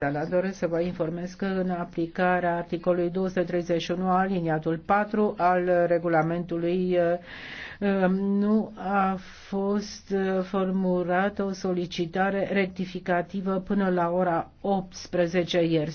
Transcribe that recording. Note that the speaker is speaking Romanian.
La da, da, doresc să vă informez că în aplicarea articolului 231 aliniatul 4 al regulamentului uh, um, nu a fost uh, formulată o solicitare rectificativă până la ora 18 ieri.